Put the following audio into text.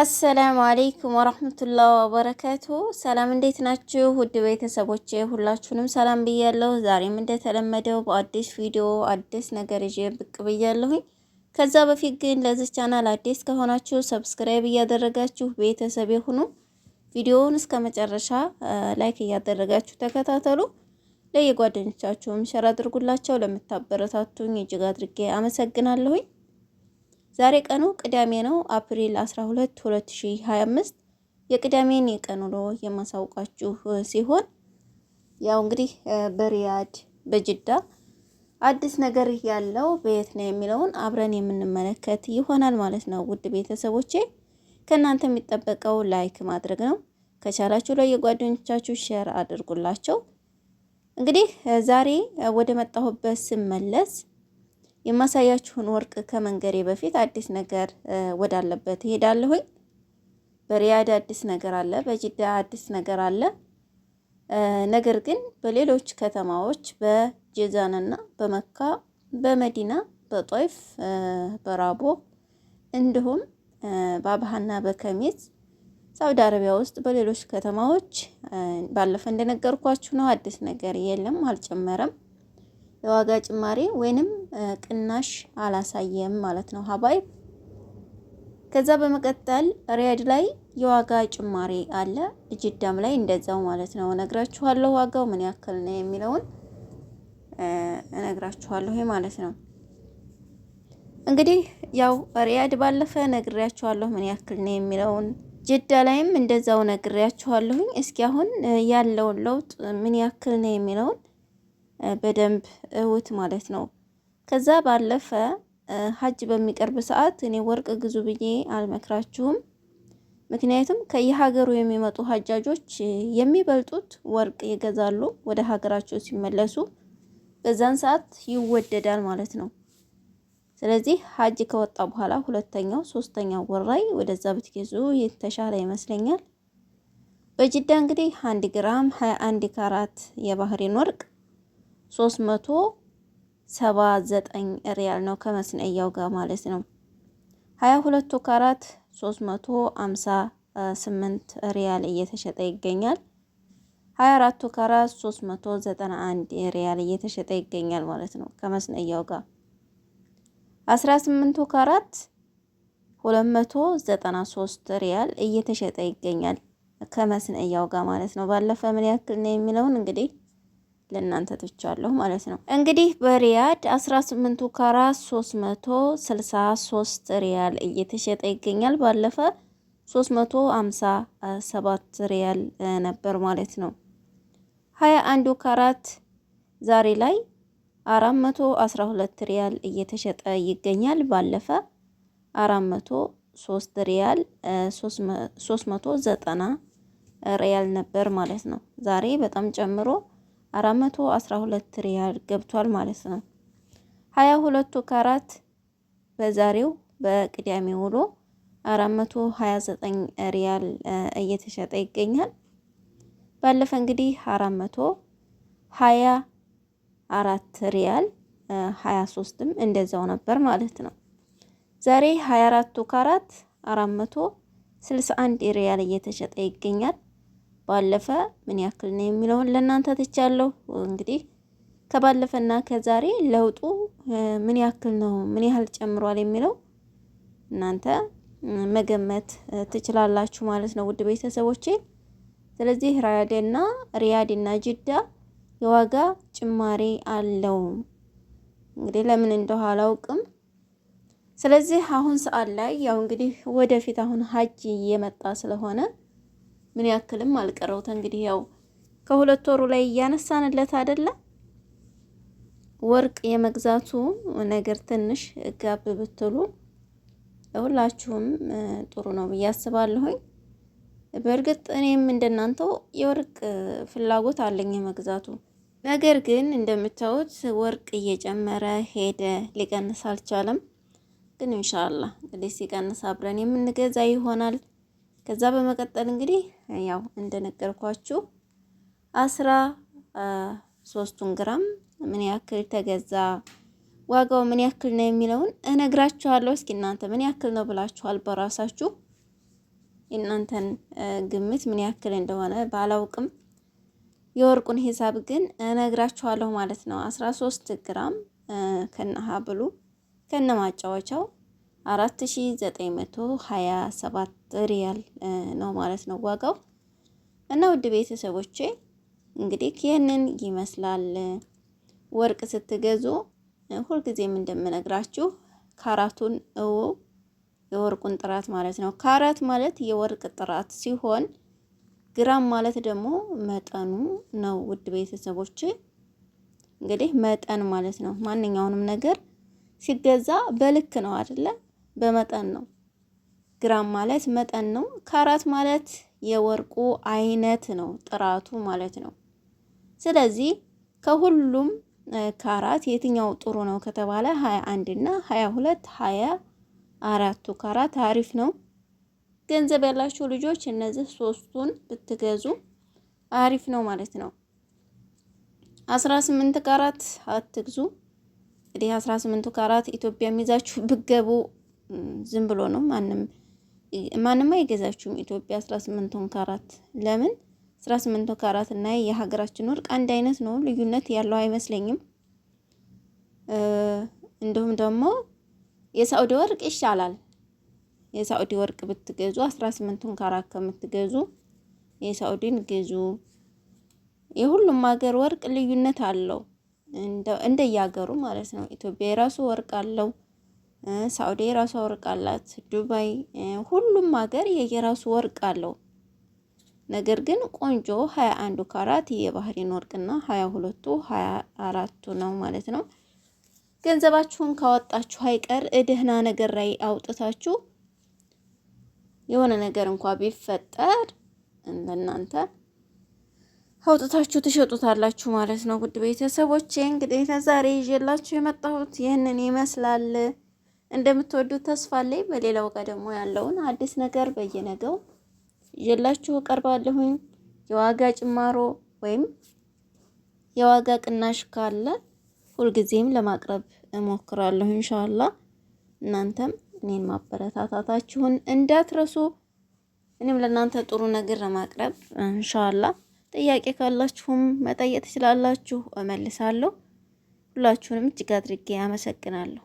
አሰላሙ አሌይኩም ወረህመቱላህ ወበረካቱ። ሰላም እንዴት ናችሁ? ውድ ቤተሰቦች ሁላችሁንም ሰላም ብያለሁ። ዛሬም እንደተለመደው በአዲስ ቪዲዮ አዲስ ነገር ይዤ ብቅ ብያለሁኝ። ከዛ በፊት ግን ለዚህ ቻናል አዲስ ከሆናችሁ ሰብስክራይብ እያደረጋችሁ ቤተሰብ የሆኑ ቪዲዮውን እስከ መጨረሻ ላይክ እያደረጋችሁ ተከታተሉ። ለየጓደኞቻችሁም ሸር አድርጉላቸው። ለምታበረታቱኝ እጅግ አድርጌ አመሰግናለሁኝ። ዛሬ ቀኑ ቅዳሜ ነው፣ አፕሪል 12 2025። የቅዳሜን የቀን ውሎ የማሳውቃችሁ ሲሆን ያው እንግዲህ በሪያድ በጅዳ አዲስ ነገር ያለው በየት ነው የሚለውን አብረን የምንመለከት ይሆናል ማለት ነው። ውድ ቤተሰቦቼ ከእናንተ የሚጠበቀው ላይክ ማድረግ ነው። ከቻላችሁ ላይ የጓደኞቻችሁ ሼር አድርጉላቸው። እንግዲህ ዛሬ ወደ መጣሁበት ስመለስ የማሳያችሁን ወርቅ ከመንገሬ በፊት አዲስ ነገር ወዳለበት እሄዳለሁኝ። በሪያድ አዲስ ነገር አለ፣ በጅዳ አዲስ ነገር አለ። ነገር ግን በሌሎች ከተማዎች በጀዛንና በመካ በመዲና በጦይፍ በራቦ እንዲሁም በአብሃና በከሚዝ ሳውዲ አረቢያ ውስጥ በሌሎች ከተማዎች ባለፈ እንደነገርኳችሁ ነው። አዲስ ነገር የለም፣ አልጨመረም። የዋጋ ጭማሪ ወይንም ቅናሽ አላሳየም ማለት ነው ሀባይ። ከዛ በመቀጠል ሪያድ ላይ የዋጋ ጭማሪ አለ፣ ጅዳም ላይ እንደዛው ማለት ነው። እነግራችኋለሁ ዋጋው ምን ያክል ነው የሚለውን እነግራችኋለሁ ማለት ነው። እንግዲህ ያው ሪያድ ባለፈ ነግሬያችኋለሁ ምን ያክል ነው የሚለውን ጅዳ ላይም እንደዛው ነግሬያችኋለሁኝ። እስኪ አሁን ያለውን ለውጥ ምን ያክል ነው የሚለውን በደንብ እውት ማለት ነው። ከዛ ባለፈ ሀጅ በሚቀርብ ሰዓት እኔ ወርቅ ግዙ ብዬ አልመክራችሁም። ምክንያቱም ከየሀገሩ የሚመጡ ሀጃጆች የሚበልጡት ወርቅ ይገዛሉ ወደ ሀገራቸው ሲመለሱ፣ በዛን ሰዓት ይወደዳል ማለት ነው። ስለዚህ ሀጅ ከወጣ በኋላ ሁለተኛው ሶስተኛው ወር ላይ ወደዛ ብትገዙ የተሻለ ይመስለኛል። በጅዳ እንግዲህ አንድ ግራም 21 ካራት የባህሬን ወርቅ ሶስት መቶ ሰባ ዘጠኝ ሪያል ነው ከመስነያው ጋር ማለት ነው። ሀያ ሁለቱ ካራት ሶስት መቶ አምሳ ስምንት ሪያል እየተሸጠ ይገኛል። ሀያ አራቱ ካራት ሶስት መቶ ዘጠና አንድ ሪያል እየተሸጠ ይገኛል ማለት ነው ከመስነያው ጋር አስራ ስምንቱ ካራት ሁለት መቶ ዘጠና ሶስት ሪያል እየተሸጠ ይገኛል ከመስነያው ጋር ማለት ነው። ባለፈ ምን ያክል ነው የሚለውን እንግዲህ ለእናንተ ትቻለሁ ማለት ነው። እንግዲህ በሪያድ 18ቱ ካራት 363 ሪያል እየተሸጠ ይገኛል። ባለፈ 357 ሪያል ነበር ማለት ነው። 21 ካራት ዛሬ ላይ 412 ሪያል እየተሸጠ ይገኛል። ባለፈ 403 ሪያል 390 ሪያል ነበር ማለት ነው። ዛሬ በጣም ጨምሮ 412 ሪያል ገብቷል ማለት ነው። 22ቱ ካራት በዛሬው በቅዳሜ ውሎ 429 ሪያል እየተሸጠ ይገኛል። ባለፈ እንግዲህ 424 ሪያል 23ም እንደዛው ነበር ማለት ነው። ዛሬ 24ቱ ካራት 461 ሪያል እየተሸጠ ይገኛል። ባለፈ ምን ያክል ነው የሚለውን ለእናንተ ትቻለሁ። እንግዲህ ከባለፈና ከዛሬ ለውጡ ምን ያክል ነው፣ ምን ያህል ጨምሯል የሚለው እናንተ መገመት ትችላላችሁ ማለት ነው ውድ ቤተሰቦቼ። ስለዚህ ራያድና ሪያድና ጅዳ የዋጋ ጭማሪ አለው። እንግዲህ ለምን እንደው አላውቅም። ስለዚህ አሁን ሰዓት ላይ ያው እንግዲህ ወደፊት አሁን ሀጅ እየመጣ ስለሆነ ምን ያክልም አልቀረውት እንግዲህ ያው ከሁለት ወሩ ላይ እያነሳንለት አይደለ ወርቅ የመግዛቱ ነገር ትንሽ ጋብ ብትሉ ሁላችሁም ጥሩ ነው ብዬ አስባለሁኝ። በእርግጥ እኔም እንደናንተው የወርቅ ፍላጎት አለኝ የመግዛቱ ነገር ግን እንደምታዩት ወርቅ እየጨመረ ሄደ፣ ሊቀንስ አልቻለም። ግን ኢንሻአላህ እንግዲህ ሲቀንስ አብረን የምንገዛ ይሆናል። ከዛ በመቀጠል እንግዲህ ያው እንደነገርኳችሁ አስራ ሶስቱን ግራም ምን ያክል ተገዛ ዋጋው ምን ያክል ነው የሚለውን እነግራችኋለሁ። እስኪ እናንተ ምን ያክል ነው ብላችኋል? በራሳችሁ የእናንተን ግምት ምን ያክል እንደሆነ ባላውቅም የወርቁን ሂሳብ ግን እነግራችኋለሁ ማለት ነው። አስራ ሶስት ግራም ከነ ሀብሉ ከነ ማጫወቻው አራት ሺ ዘጠኝ መቶ ሀያ ሰባት ሪያል ነው ማለት ነው ዋጋው እና ውድ ቤተሰቦቼ እንግዲህ ይህንን ይመስላል። ወርቅ ስትገዙ ሁልጊዜም እንደምነግራችሁ ካራቱን እው የወርቁን ጥራት ማለት ነው። ካራት ማለት የወርቅ ጥራት ሲሆን ግራም ማለት ደግሞ መጠኑ ነው። ውድ ቤተሰቦች እንግዲህ መጠን ማለት ነው። ማንኛውንም ነገር ሲገዛ በልክ ነው አይደለም? በመጠን ነው። ግራም ማለት መጠን ነው። ካራት ማለት የወርቁ አይነት ነው፣ ጥራቱ ማለት ነው። ስለዚህ ከሁሉም ካራት የትኛው ጥሩ ነው ከተባለ 21 እና 22 20 አራቱ ካራት አሪፍ ነው። ገንዘብ ያላችሁ ልጆች እነዚህ ሶስቱን ብትገዙ አሪፍ ነው ማለት ነው። 18 ካራት አትግዙ። እንግዲህ 18 ካራት ኢትዮጵያ የሚይዛችሁ ብገቡ ዝም ብሎ ነው ማንም ማንም አይገዛችሁም። ኢትዮጵያ 18 ካራት ለምን 18 ካራት እና የሀገራችን ወርቅ አንድ አይነት ነው፣ ልዩነት ያለው አይመስለኝም። እንዲሁም ደግሞ የሳውዲ ወርቅ ይሻላል። የሳውዲ ወርቅ ብትገዙ 18 ቶን ካራት ከምትገዙ የሳውዲን ግዙ። የሁሉም ሀገር ወርቅ ልዩነት አለው እንደየሀገሩ ማለት ነው። ኢትዮጵያ የራሱ ወርቅ አለው። ሳዑዲ የራሷ ወርቅ አላት፣ ዱባይ፣ ሁሉም ሀገር የየራሱ ወርቅ አለው። ነገር ግን ቆንጆ ሀያ አንዱ ካራት የባህሪን ወርቅና ሀያ ሁለቱ ሀያ አራቱ ነው ማለት ነው። ገንዘባችሁን ካወጣችሁ አይቀር እድህና ነገር ላይ አውጥታችሁ የሆነ ነገር እንኳ ቢፈጠር ለእናንተ አውጥታችሁ ትሸጡታላችሁ ማለት ነው። ውድ ቤተሰቦቼ እንግዲህ ለዛሬ ይዤላችሁ የመጣሁት ይህንን ይመስላል። እንደምትወዱት ተስፋ አለኝ። በሌላው ጋር ደግሞ ያለውን አዲስ ነገር በየነገው ይዤላችሁ እቀርባለሁኝ። የዋጋ ጭማሮ ወይም የዋጋ ቅናሽ ካለ ሁልጊዜም ለማቅረብ እሞክራለሁ ኢንሻአላህ። እናንተም እኔን ማበረታታታችሁን እንዳትረሱ። እኔም ለእናንተ ጥሩ ነገር ለማቅረብ ኢንሻአላህ። ጥያቄ ካላችሁም መጠየቅ ትችላላችሁ፣ እመልሳለሁ። ሁላችሁንም እጅግ አድርጌ አመሰግናለሁ።